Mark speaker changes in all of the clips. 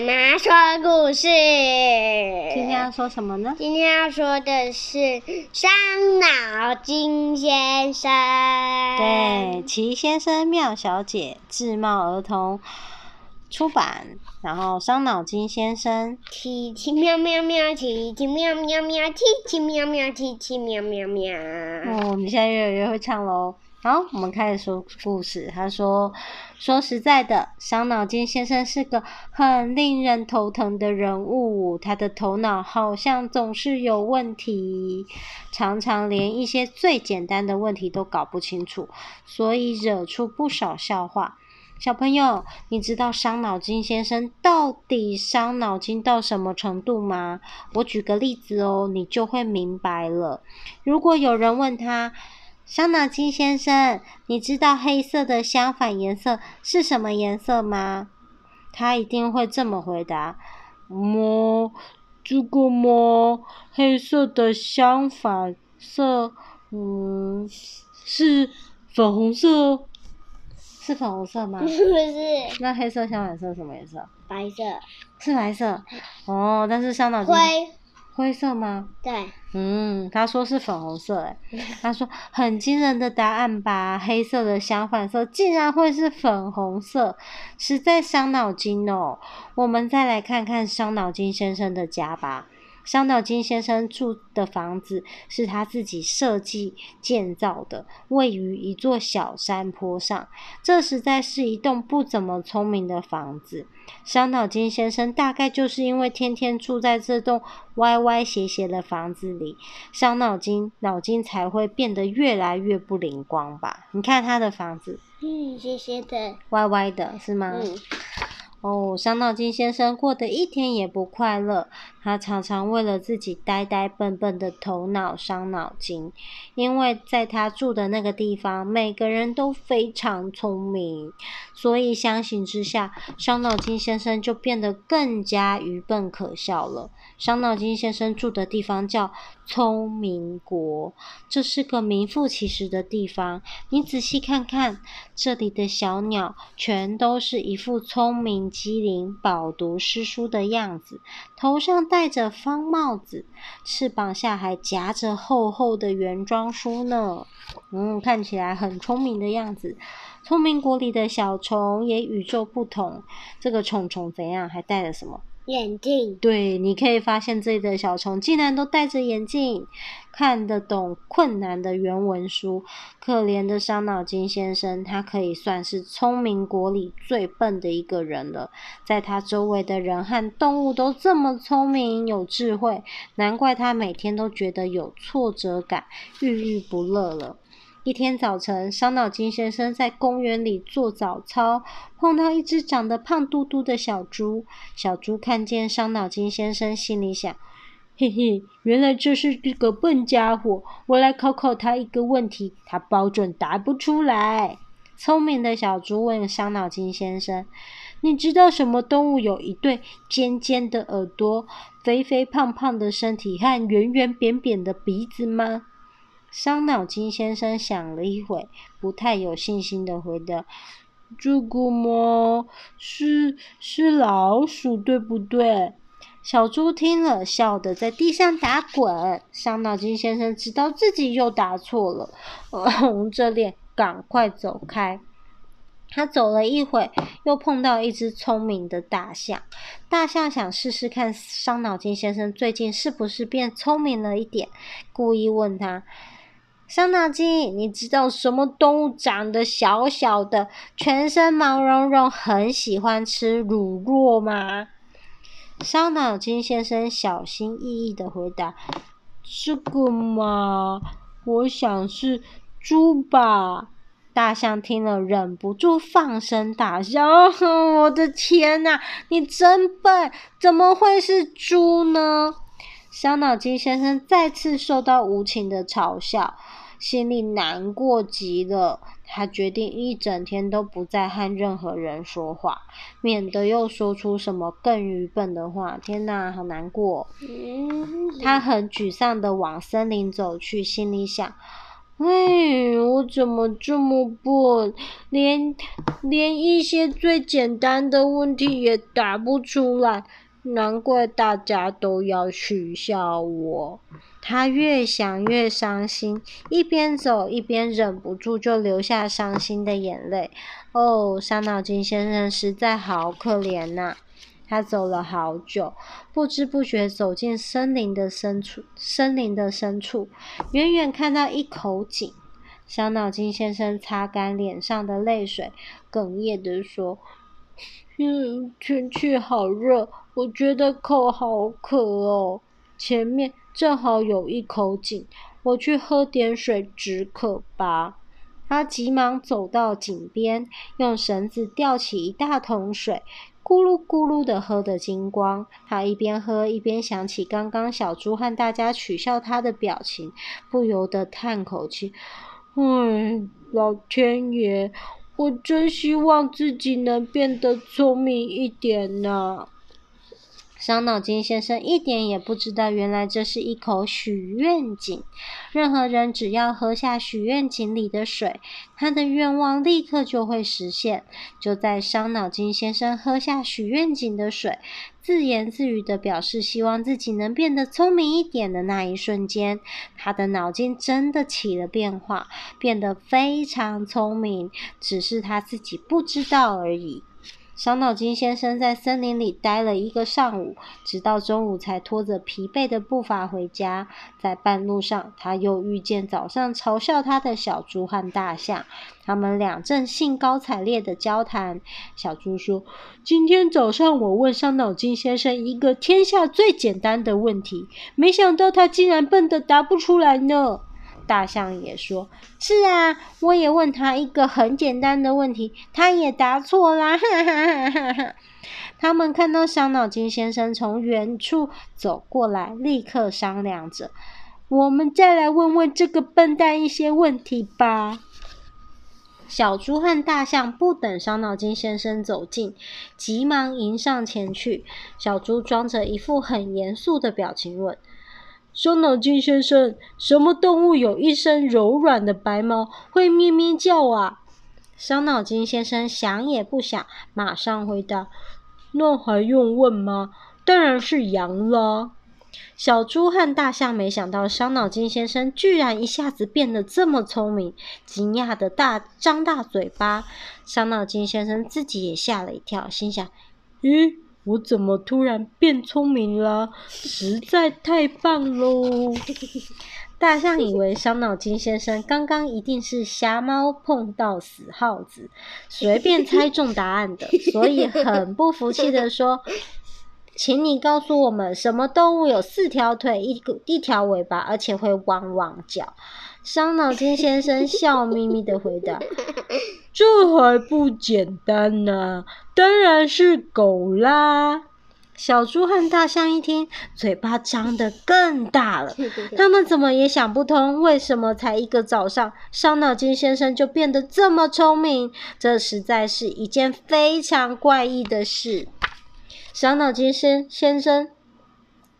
Speaker 1: 媽媽說的故事。今天要說什麼呢？今天要說的是《傷腦筋先生》。對，奇先生、妙小姐，智茂兒童出版，然後《傷腦筋先生》奇奇妙妙。奇奇妙妙妙奇奇妙妙妙奇奇妙妙奇奇妙妙妙妙妙。哦，我們現在越來越會唱嘍。好，我們開始說故事。他說：“說實在的，傷腦筋先生是個很令人頭疼的人物。他的頭腦好像總是有問題，常常連一些最簡單的問題都搞不清楚，所以惹出不少笑話。小朋友，你知道傷腦筋先生到底傷腦筋到什麼程度嗎？我舉個例子哦，你就會明白了。如果有人問他，傷腦筋先生，你知道黑色的相反顏色是什麼顏色嗎？他一定會這麼回答。麼、嗯？這個麼？黑色的相反色，嗯，是粉紅色。是粉紅色嗎？不是。那黑色相反色什麼顏色？白色。是白色。哦，但是傷腦筋。灰。灰色嗎？對，嗯，他說是粉紅色，哎，他說很驚人的答案吧？黑色的相反色竟然會是粉紅色，實在傷腦筋哦。我們再來看看傷腦筋先生的家吧。傷腦筋先生住的房子是他自己設計建造的，位於一座小山坡上。這實在是一棟不怎麼聰明的房子。傷腦筋先生大概就是因為天天住在這棟歪歪斜斜的房子裡，傷腦筋腦筋才會變得越來越不靈光吧？你看他的房子，嗯，斜斜的，歪歪的，是嗎？嗯哦，傷腦筋先生過得一天也不快樂。他常常為了自己呆呆笨笨的頭腦傷腦筋，因為在他住的那個地方，每個人都非常聰明，所以相形之下，傷腦筋先生就變得更加愚笨可笑了。傷腦筋先生住的地方叫聰明國，這是個名副其實的地方。你仔細看看，這裡的小鳥全都是一副聰明。機靈、飽讀詩書的樣子，頭上戴着方帽子，翅膀下還夾着厚厚的原裝書呢。嗯，看起來很聰明的樣子。聰明國裡的小蟲也與眾不同。這個蟲蟲怎樣？還帶了什麼？眼鏡，對，你可以發現自己的小蟲竟然都戴着眼鏡，看得懂困難的原文書。可憐的傷腦筋先生，他可以算是聰明國裡最笨的一個人了。在他周圍的人和動物都這麼聰明有智慧，難怪他每天都覺得有挫折感，鬱鬱不樂了。一天早晨，傷腦筋先生在公園裡做早操，碰到一隻長得胖嘟嘟的小豬。小豬看見傷腦筋先生，心裡想：“嘿嘿，原來這是這個笨家伙，我來考考他一個問題，他保準答不出來。”聰明的小豬問傷腦筋先生：“你知道什麼動物有一對尖尖的耳朵、肥肥胖胖的身體和圓圓扁扁的鼻子嗎？”傷腦筋先生想了一會，不太有信心的回答：“這個貓是是老鼠，對不對？”小豬聽了，笑得在地上打滾。傷腦筋先生知道自己又打錯了，紅着臉趕快走開。他走了一會，又碰到一隻聰明的大象。大象想試試看傷腦筋先生最近是不是變聰明了一點，故意問他。傷腦筋，你知道什麼動物長得小小的，全身毛茸茸，很喜歡吃乳酪嗎？傷腦筋先生小心翼翼的回答：“這個嘛，我想是豬吧。”大象聽了忍不住放聲大笑，哦：“我的天吶，啊，你真笨，怎麼會是豬呢？”傷腦筋先生再次受到無情的嘲笑，心裡難過極了。他決定一整天都不再和任何人說話，免得又說出什麼更愚笨的話。天吶，好難過！嗯、他很沮喪的往森林走去，心裡想：哎，我怎麼這麼笨，連連一些最簡單的問題也答不出來？難怪大家都要取笑我，他越想越傷心，一邊走一邊忍不住就流下傷心的眼淚。哦，傷腦筋先生實在好可憐吶、啊！他走了好久，不知不覺走進森林的深處，森林的深處，遠遠看到一口井。傷腦筋先生擦乾臉上的淚水，哽咽地說。嗯，天氣好熱，我覺得口好渴哦。前面正好有一口井，我去喝點水止渴吧。他急忙走到井邊，用繩子吊起一大桶水，咕嚕咕嚕的喝得精光。他一邊喝一邊想起剛剛小豬和大家取笑他的表情，不由得嘆口氣：“唉，老天爺。”我真希望自己能變得聰明一點呢。傷腦筋先生一點也不知道，原來這是一口許願井。任何人只要喝下許願井裡的水，他的願望立刻就會實現。就在傷腦筋先生喝下許願井的水，自言自語地表示希望自己能變得聰明一點的那一瞬間，他的腦筋真的起了變化，變得非常聰明，只是他自己不知道而已。傷腦筋先生在森林裡待了一個上午，直到中午才拖着疲憊的步伐回家。在半路上，他又遇見早上嘲笑他的小豬和大象。他們倆正興高采烈地交談。小豬說：“今天早上我問傷腦筋先生一個天下最簡單的問題，沒想到他竟然笨得答不出來呢。”大象也說：“是啊，我也問他一個很簡單的問題，他也答錯啦。”哈哈哈哈，他們看到傷腦筋先生從遠處走過來，立刻商量着：“我們再來問問這個笨蛋一些問題吧。”小豬和大象不等傷腦筋先生走近，急忙迎上前去。小豬裝着一副很嚴肅的表情問。傷腦筋先生，什麼動物有一身柔軟的白毛，會咩咩叫啊？傷腦筋先生想也不想，馬上回答：“那還用問嗎？當然是羊啦！”小豬和大象沒想到，傷腦筋先生居然一下子變得這麼聰明，驚訝的大張大嘴巴。傷腦筋先生自己也嚇了一跳，心想：“嗯。”我怎麼突然變聰明了？實在太棒嘍！ 大象以為傷腦筋先生剛剛一定是瞎貓碰到死耗子，隨便猜中答案的，所以很不服氣的說。請你告訴我們，什麼動物有四條腿，一個一條尾巴，而且會汪汪叫？傷腦筋先生笑眯眯的回答：“ 這還不簡單呢，啊，當然是狗啦！”小豬和大象一聽，嘴巴張得更大了。他 們怎麼也想不通，為什麼才一個早上，傷腦筋先生就變得這麼聰明？這實在是一件非常怪異的事。小腦筋先先生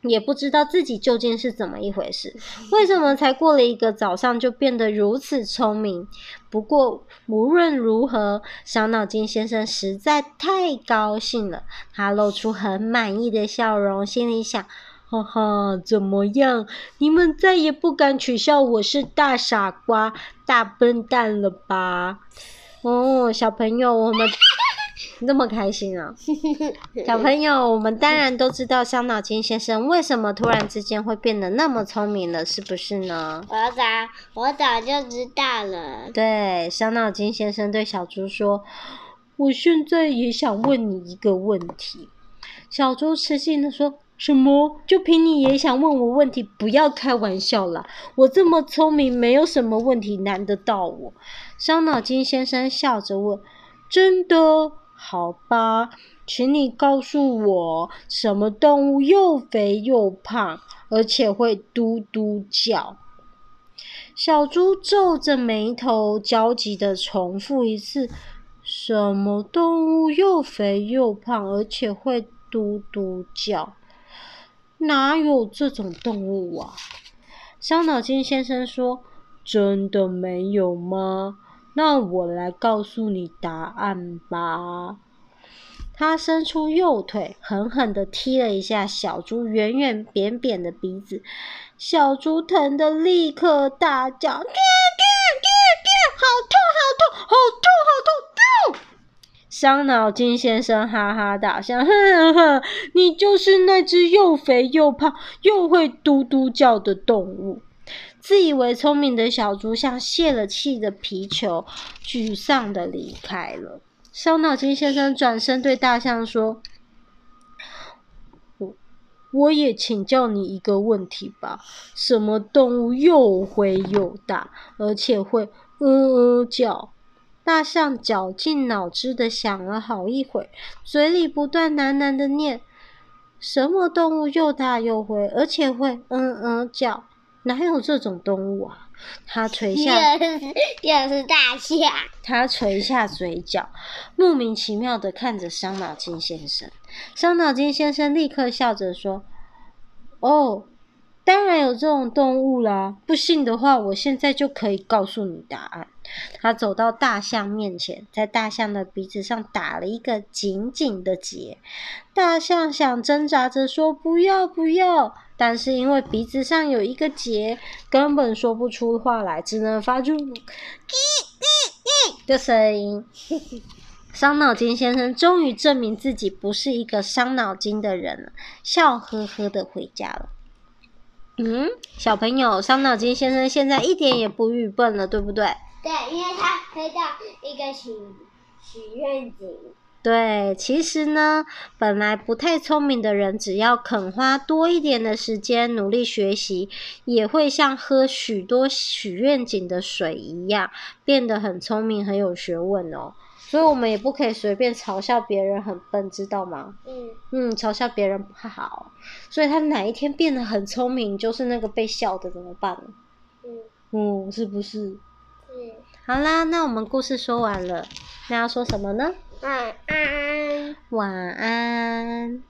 Speaker 1: 也不知道自己究竟是怎麼一回事，為什麼才過了一個早上就變得如此聰明？不過無論如何，小腦筋先生實在太高興了，他露出很滿意的笑容，心裡想：哈哈，怎麼樣？你們再也不敢取笑我是大傻瓜、大笨蛋了吧？哦，小朋友，我們。那麼開心啊，小朋友，我們當然都知道，傷腦筋先生為什麼突然之間會變得那麼聰明了，是不是呢？我早，我早就知道了。對，傷腦筋先生對小豬說：“我現在也想問你一個問題。”小豬吃驚的說：“什麼？就憑你也想問我問題？不要開玩笑了！我這麼聰明，沒有什麼問題難得到我。”傷腦筋先生笑着問：“真的？”好吧，請你告訴我，什麼動物又肥又胖，而且會嘟嘟叫？小豬皺着眉頭，焦急地重複一次：什麼動物又肥又胖，而且會嘟嘟叫？哪有這種動物啊？傷腦筋先生說：“真的沒有嗎？”那我來告訴你答案吧。他伸出右腿，狠狠地踢了一下小豬圓圓扁扁的鼻子，小豬疼得立刻大叫：“嘎嘎嘎嘎，好痛好痛好痛好痛，好痛！”傷腦筋先生哈哈大笑：“哼哼，你就是那隻又肥又胖又會嘟嘟叫的動物。”自以為聰明的小豬像洩了氣的皮球，沮喪的離開了。傷腦筋先生轉身對大象說：“我，我也請教你一個問題吧。什麼動物又灰又大，而且會嗯嗯叫？”大象絞盡腦汁的想了好一會，嘴裡不斷喃喃的念：“什麼動物又大又灰，而且會嗯嗯叫？”哪有這種動物啊？他垂下，又是大象。他垂下嘴角，莫名其妙的看着傷腦筋先生。傷腦筋先生立刻笑着說：“哦。”當然有這種動物啦，不信的話，我現在就可以告訴你答案。他走到大象面前，在大象的鼻子上打了一個緊緊的結。大象想掙扎着說“不要不要”，但是因為鼻子上有一個結，根本說不出話來，只能發出“嗯嗯嗯”的聲音。傷 腦筋先生終於證明自己不是一個傷腦筋的人了，笑呵呵的回家了。嗯，小朋友，傷腦筋先生現在一點也不愚笨了，對不對？對，因為他推到一個許許願井。對，其實呢，本來不太聰明的人，只要肯花多一點的時間努力學習，也會像喝許多許願井的水一樣，變得很聰明、很有學問哦、喔。所以，我們也不可以隨便嘲笑別人很笨，知道嗎？嗯，嗯，嘲笑別人不好。所以他哪一天變得很聰明，就是那個被笑的，怎麼辦？嗯嗯，是不是？嗯。好啦，那我們故事說完了，那要說什麼呢？晚安，晚安。